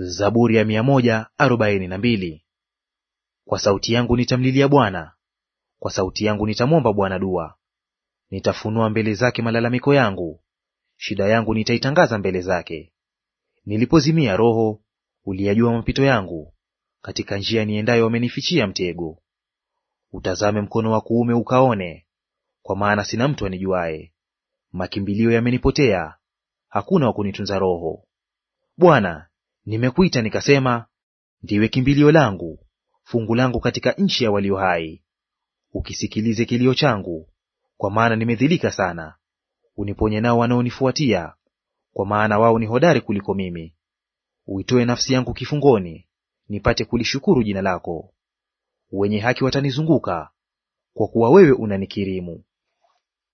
Zaburi ya mia na mbili. Kwa sauti yangu nitamlilia Bwana, kwa sauti yangu nitamwomba Bwana dua. Nitafunua mbele zake malalamiko yangu, shida yangu nitaitangaza mbele zake. Nilipozimia roho, uliyajua mapito yangu, katika njia niendayo wamenifichia mtego. Utazame mkono wa kuume ukaone, kwa maana sina mtu anijuaye. Makimbilio yamenipotea, hakuna wa kunitunza roho. Bwana, Nimekuita nikasema, ndiwe kimbilio langu, fungu langu katika nchi ya walio hai. Ukisikilize kilio changu, kwa maana nimedhilika sana. Uniponye nao wanaonifuatia, kwa maana wao ni hodari kuliko mimi. Uitoe nafsi yangu kifungoni, nipate kulishukuru jina lako. Wenye haki watanizunguka, kwa kuwa wewe unanikirimu.